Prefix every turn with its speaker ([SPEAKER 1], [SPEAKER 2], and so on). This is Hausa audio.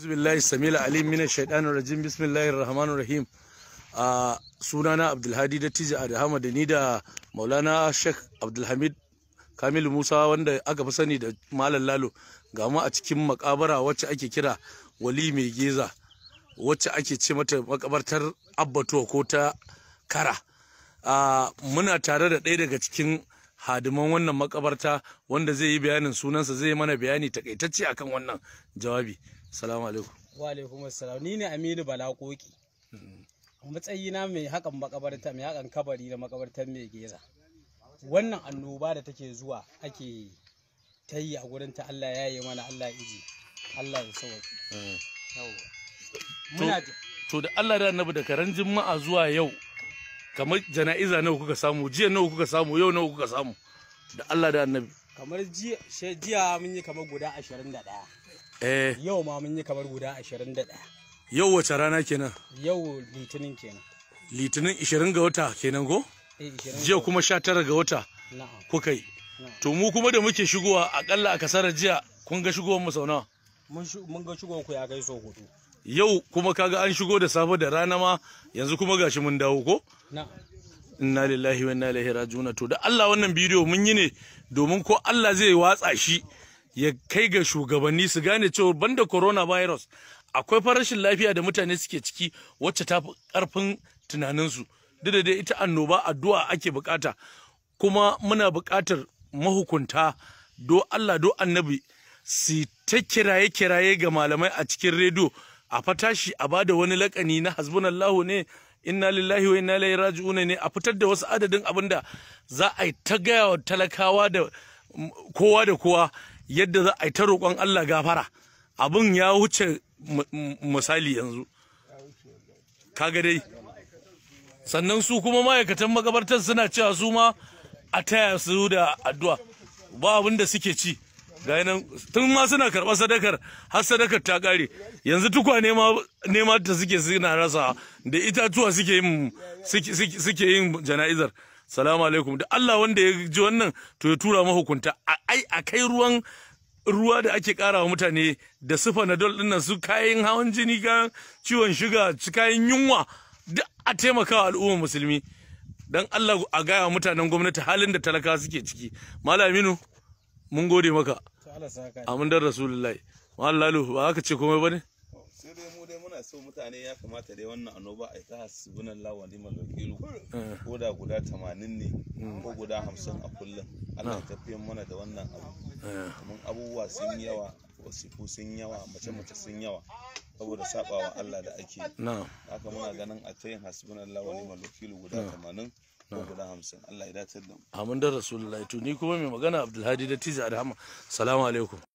[SPEAKER 1] Bismillahi Samila Alim mina shaidanir rajim Bismillahi Rahmanir Rahim. A ah, sunana Abdulhadi Dattijo Adahama da ni da Maulana Sheikh Abdulhamid Kamil Musa wanda aka fi sani da Malam Lalo ga mu a cikin makabara wacce ake kira Wali Mai Geza wacce ake ce mata makabartar Abbatuwa ko ta Kara. a ah, muna tare da ɗaya daga cikin hadiman wannan makabarta wanda zai yi bayanin sunansa zai mana bayani takaitacce akan wannan jawabi. Salamu alaikum.
[SPEAKER 2] Wa alaikum assalam. Ni ne Aminu Bala Koki. Matsayina mai hakan makabarta mai hakan kabari da makabartar mai geza. Wannan annoba da take zuwa ake ta yi a gurin ta Allah ya yi mana Allah iji. Allah ya sauki.
[SPEAKER 1] Eh. Muna To da Allah da Annabi da karan Juma'a zuwa yau kamar jana'iza nawa kuka samu jiya nawa kuka samu yau nawa kuka samu da Allah da Annabi.
[SPEAKER 2] Kamar jiya mun yi kamar guda ashirin da Eh. yau ma mun yi kamar guda 21
[SPEAKER 1] yau wace rana kenan
[SPEAKER 2] yau litinin kenan
[SPEAKER 1] litinin 20 ga wata kenan go
[SPEAKER 2] eh, jiya
[SPEAKER 1] kuma 19 ga wata kuka yi to mu kuma da muke shigowa akalla a kasarar jiya kun ga shigowar mu sau nawa
[SPEAKER 2] mun ga shigowar ku ya kai so hudu
[SPEAKER 1] yau kuma kaga an shigo da safe da rana ma yanzu kuma gashi mun dawo ko inna lillahi wa inna ilaihi raji'un to da Allah wannan bidiyo mun yi ne domin ko Allah zai watsa shi ya kai ga shugabanni su gane cewa banda virus? akwai farashin lafiya da mutane suke ciki wacce ta fi karfin tunaninsu duk da ita annoba addu'a ake bukata kuma muna bukatar mahukunta do Allah do annabi su ta kiraye-kiraye ga malamai a cikin rediyo a fatashi a bada wani lakani na hasbunallahu ne inna lillahi wa inna ilaihi raji'un ne a fitar da wasu adadin abinda za a yi ta gaya wa talakawa da kowa da kowa yadda za a yi ta roƙon Allah gafara abin ya wuce misali yanzu kaga dai sannan su kuma ma'aikatan makabartar suna cewa su ma a taya su da addu'a ba abin da suke ci ga nan tun ma suna karɓar sadakar har sadakar ta ƙare yanzu tukwa nema ta suke suna rasa da itatuwa suke yin jana'izar salamu alaikum da Allah wanda ya ji wannan to ya tura mahukunta ai a kai ruwan ruwa da ake karawa mutane da sufa na din nan su kayan hawan jini kayan ciwon shuga kayan yunwa duk a taimakawa al'ummar musulmi dan Allah a gaya mutanen gwamnati halin da talaka suke ciki malaminu mun gode maka amin da rasulullahi mallalu ba ka ce komai bane sai dai mu dai so mutane ya kamata dai wannan annoba a ta hasibunan lawani ni malakilu hmm. ko da guda tamanin ne hmm. ko guda hamsin a kullum Allah ya mana da wannan abu kuma hmm. abubuwa sun yawa wasifu sun yawa mace mace sun yawa saboda sabawa Allah da ake haka muna ganin a ta yin hasibunan lawa ni malakilu guda tamanin guda hamsin Allah ya dace da mu amin da rasulullahi to ni kuma mai magana Abdulhadi da Tizi Adhama salamu alaikum